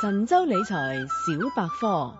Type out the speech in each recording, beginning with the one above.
神州理財小百科。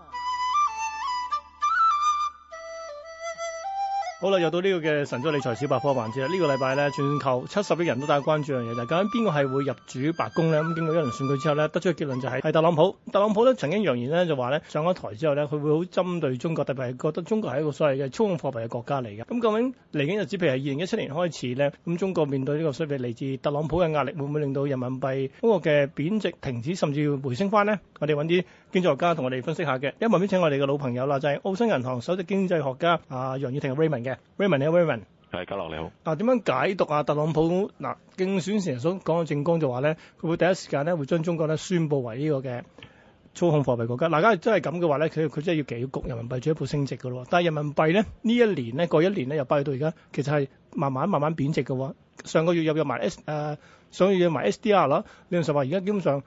好啦，又到呢個嘅神州理財小百科嘅環節啦，這個、呢個禮拜咧全球七十億人都大關注樣嘢就係究竟邊個係會入主白宮咧？咁經過一輪選舉之後咧，得出嘅結論就係係特朗普。特朗普都曾經揚言咧就話咧上咗台之後咧，佢會好針對中國，特別係覺得中國係一個所謂嘅操控貨幣嘅國家嚟嘅。咁究竟嚟緊日子，譬如係二零一七年開始咧，咁中國面對呢個衰幣嚟自特朗普嘅壓力，會唔會令到人民幣嗰個嘅貶值停止，甚至要回升翻咧？我哋揾啲。經濟學家同我哋分析一下嘅，一旁邊請我哋嘅老朋友啦，就係、是、澳新銀行首席經濟學家阿、啊、楊宇霆 Raymond 嘅。Raymond 你好，Raymond。係，家樂你好。啊，點樣解讀啊？特朗普嗱、啊、競選時所講嘅政綱就話咧，佢會第一時間咧會將中國咧宣布為呢個嘅操控貨幣國家。嗱、啊，假如真係咁嘅話咧，佢佢真係要急局人民幣進一步升值嘅咯。但係人民幣咧呢一年咧，過一年咧又拜到而家，其實係慢慢慢慢貶值嘅喎。上個月入入埋 S、呃、上個月，想入埋 SDR 啦。你話實話，而家基本上。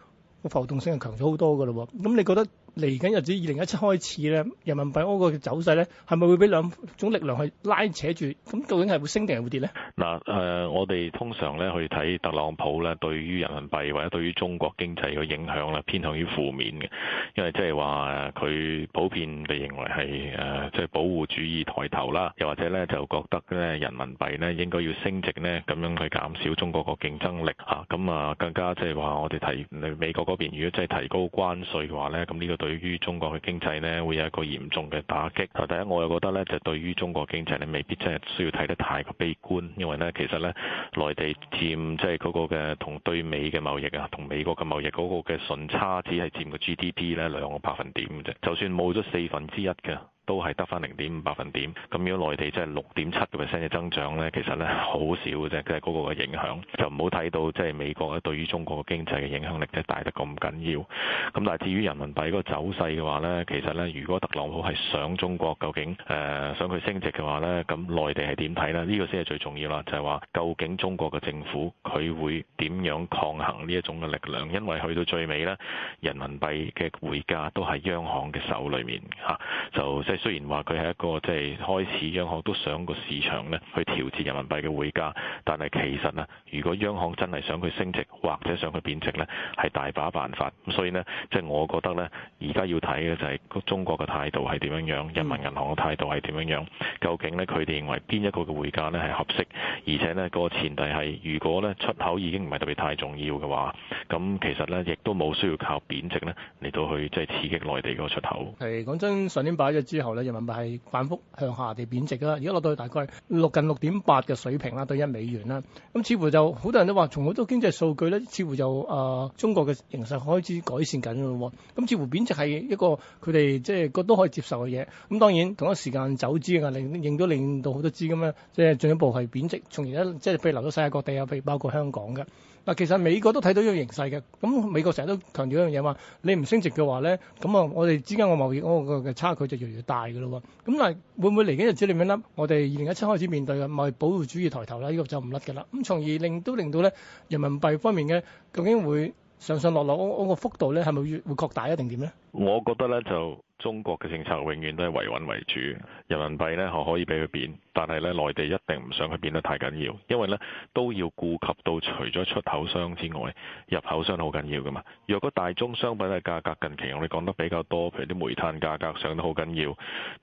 個浮動性係強咗好多噶啦喎，咁你覺得？嚟緊日子二零一七開始咧，人民幣嗰個走勢咧，係咪會俾兩種力量去拉扯住？咁究竟係會升定係會跌咧？嗱誒、呃，我哋通常咧去睇特朗普咧，對於人民幣或者對於中國經濟嘅影響咧，偏向於負面嘅，因為即係話誒，佢普遍被認為係誒，即、呃、係、就是、保護主義抬頭啦，又或者咧就覺得咧人民幣咧應該要升值咧，咁樣去減少中國個競爭力嚇，咁啊更加即係話我哋提美國嗰邊，如果即係提高關稅嘅話咧，咁呢、個。對於中國嘅經濟呢會有一個嚴重嘅打擊。第一我又覺得呢就對於中國嘅經濟你未必真係需要睇得太過悲觀，因為呢其實呢內地佔即係嗰個嘅同對美嘅貿易啊，同美國嘅貿易嗰個嘅順差只係佔個 GDP 呢兩個百分點嘅啫。就算冇咗四分之一嘅。都係得翻零點五百分點，咁如果內地即係六點七個 percent 嘅增長呢，其實呢好少嘅啫，即係嗰個嘅影響就唔好睇到即係、就是、美國對於中國嘅經濟嘅影響力即係大得咁緊要。咁但係至於人民幣嗰個走勢嘅話呢，其實呢，如果特朗普係想中國究竟誒、呃、想佢升值嘅話呢，咁內地係點睇呢？呢、這個先係最重要啦，就係、是、話究竟中國嘅政府佢會點樣抗衡呢一種嘅力量？因為去到最尾呢，人民幣嘅匯價都係央行嘅手裏面、啊、就雖然話佢係一個即係開始，央行都想個市場咧去調節人民幣嘅匯價，但係其實咧，如果央行真係想佢升值或者想佢貶值呢係大把辦法。咁所以呢，即係我覺得呢，而家要睇嘅就係中國嘅態度係點樣樣，人民銀行嘅態度係點樣樣，究竟呢，佢哋認為邊一個嘅匯價呢係合適，而且呢，個前提係如果咧出口已經唔係特別太重要嘅話，咁其實呢亦都冇需要靠貶值呢嚟到去即係刺激內地嗰個出口。係講真，上年擺咗之後。後咧人民幣係反覆向下地貶值啦，而家落到去大概六近六點八嘅水平啦，對一美元啦，咁似乎就好多人都話，從好多經濟數據咧，似乎就啊、呃、中國嘅形勢開始改善緊咯喎，咁似乎貶值係一個佢哋即係個都可以接受嘅嘢，咁當然同一時間走資啊，令令到令到好多資金咧，即係進一步係貶值，從而咧即係譬如流到世界各地啊，譬如包括香港嘅。嗱，其實美國都睇到呢個形勢嘅，咁美國成日都強調一樣嘢話，你唔升值嘅話咧，咁啊，我哋之間嘅貿易嗰嘅差距就越嚟越大㗎咯喎，咁但係，會唔會嚟緊日子裡面咧，我哋二零一七開始面對嘅貿易保護主義抬頭啦呢、呢個就唔甩嘅啦，咁從而令都令到咧人民幣方面嘅究竟會上上落落，嗰、嗰個幅度咧係咪越會擴大一定點咧？我覺得咧就。中國嘅政策永遠都係維穩為主，人民幣呢可可以俾佢貶，但係呢內地一定唔想佢貶得太緊要，因為呢都要顧及到除咗出口商之外，入口商好緊要㗎嘛。若果大宗商品嘅價格近期我哋講得比較多，譬如啲煤炭價格上得好緊要，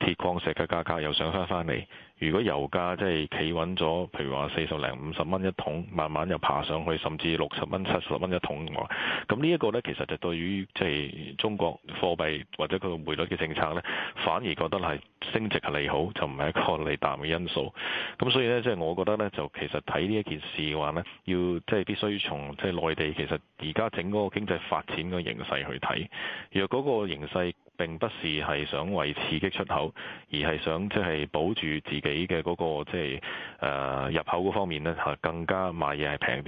鐵礦石嘅價格又上翻返嚟。如果油價即係企穩咗，譬如話四十零五十蚊一桶，慢慢又爬上去，甚至六十蚊、七十蚊一桶咁，咁呢一個呢其實就對於即係中國貨幣或者佢個匯率嘅政策呢，反而覺得係升值係利好，就唔係一個利淡嘅因素。咁所以呢，即係我覺得呢，就其實睇呢一件事嘅話呢，要即係必須從即係內地其實而家整個經濟發展嘅形勢去睇，若嗰個形勢，並不是係想為刺激出口，而係想即係保住自己嘅嗰個即係誒入口嗰方面咧吓更加賣嘢係平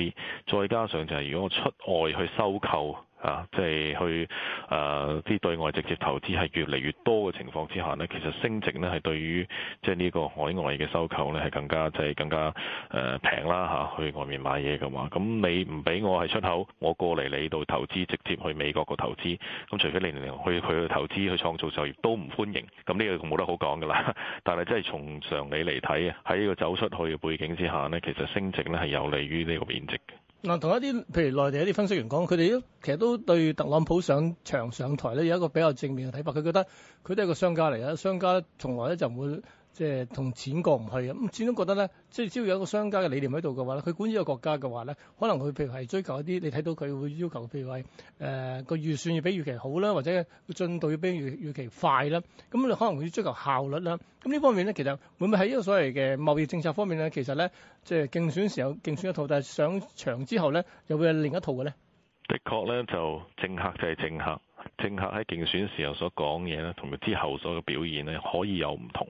啲。再加上就係如果我出外去收購。啊，即係去誒啲對外直接投資係越嚟越多嘅情況之下呢，其實升值呢係對於即係呢個海外嘅收購呢係更加即係更加誒平啦吓，去外面買嘢嘅話，咁你唔俾我係出口，我過嚟你度投資，直接去美國度投資，咁除非你去去投資去創造就業都唔歡迎，咁呢個冇得好講㗎啦。但係真係從常理嚟睇啊，喺呢個走出去嘅背景之下呢，其實升值呢係有利於呢個貶值。嗱，同一啲，譬如內地一啲分析員講，佢哋其實都對特朗普上場上台咧，有一個比較正面嘅睇法。佢覺得佢都係一個商家嚟嘅，商家從來咧就唔會。即係同錢過唔去啊！咁始終覺得咧，即係只要有一個商家嘅理念喺度嘅話咧，佢管呢個國家嘅話咧，可能佢譬如係追求一啲你睇到佢會要求，譬如話誒個預算要比預期好啦，或者進度要比預預期快啦，咁你可能會追求效率啦。咁呢方面咧，其實會唔會喺呢個所謂嘅貿易政策方面咧，其實咧，即係競選時候競選一套，但係上場之後咧，又會有另一套嘅咧？的確咧，就政客就係政客。政客喺競選時候所講嘢呢，同佢之後所有嘅表現呢可以有唔同。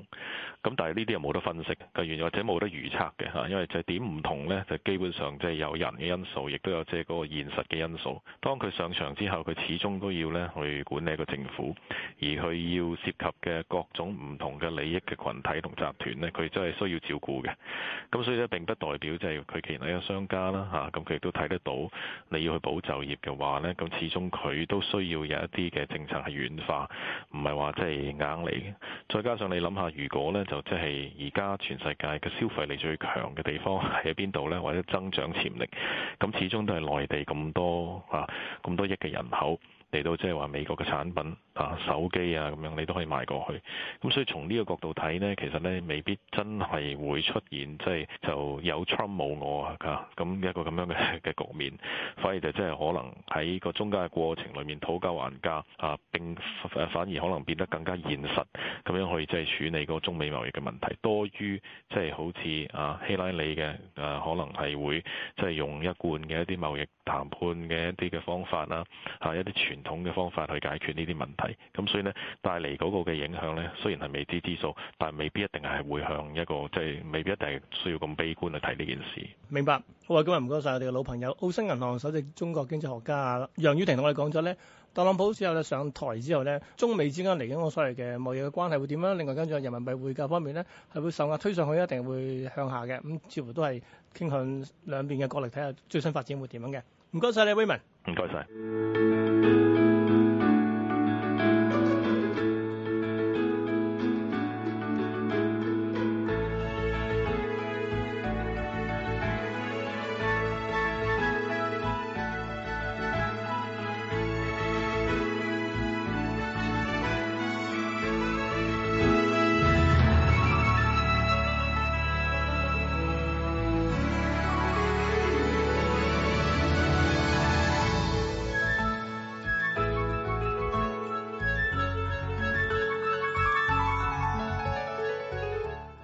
咁但係呢啲又冇得分析，又或者冇得預測嘅嚇，因為就係點唔同呢？就基本上即係有人嘅因素，亦都有即係嗰個現實嘅因素。當佢上場之後，佢始終都要呢去管理一個政府，而佢要涉及嘅各種唔同嘅利益嘅群體同集團呢，佢真係需要照顧嘅。咁所以咧，並不代表即係佢其實有商家啦，咁佢亦都睇得到你要去保就業嘅話呢，咁始終佢都需要人一啲嘅政策係軟化，唔係話即係硬嚟。再加上你諗下，如果咧就即係而家全世界嘅消費力最強嘅地方係喺邊度咧，或者增長潛力，咁始終都係內地咁多啊，咁多億嘅人口。嚟到即係話美國嘅產品啊、手機啊，咁樣你都可以賣過去。咁所以從呢個角度睇咧，其實咧未必真係會出現即係、就是、就有 Trump 冇我啊咁，一個咁樣嘅嘅局面，反而就真係可能喺個中間嘅過程裏面討價還價啊，並反而可能變得更加現實，咁樣去即係處理個中美貿易嘅問題多於即係好似啊希拉里嘅誒、啊、可能係會即係用一貫嘅一啲貿易談判嘅一啲嘅方法啦，吓、啊、一啲全。統嘅方法去解決呢啲問題，咁所以呢，帶嚟嗰個嘅影響呢，雖然係未知之數，但未必一定係會向一個即係未必一定係需要咁悲觀去睇呢件事。明白，好啊，今日唔該晒，我哋嘅老朋友澳新銀行首席中國經濟學家楊宇霆同我哋講咗呢，特朗普之後呢，上台之後呢，中美之間嚟緊我所謂嘅貿易嘅關係會點樣？另外跟住人民幣匯價方面呢，係會受壓推上去，一定會向下嘅。咁、嗯、似乎都係傾向兩邊嘅角力，睇下最新發展會點樣嘅。唔該晒，你 Weiman 唔該晒。謝謝。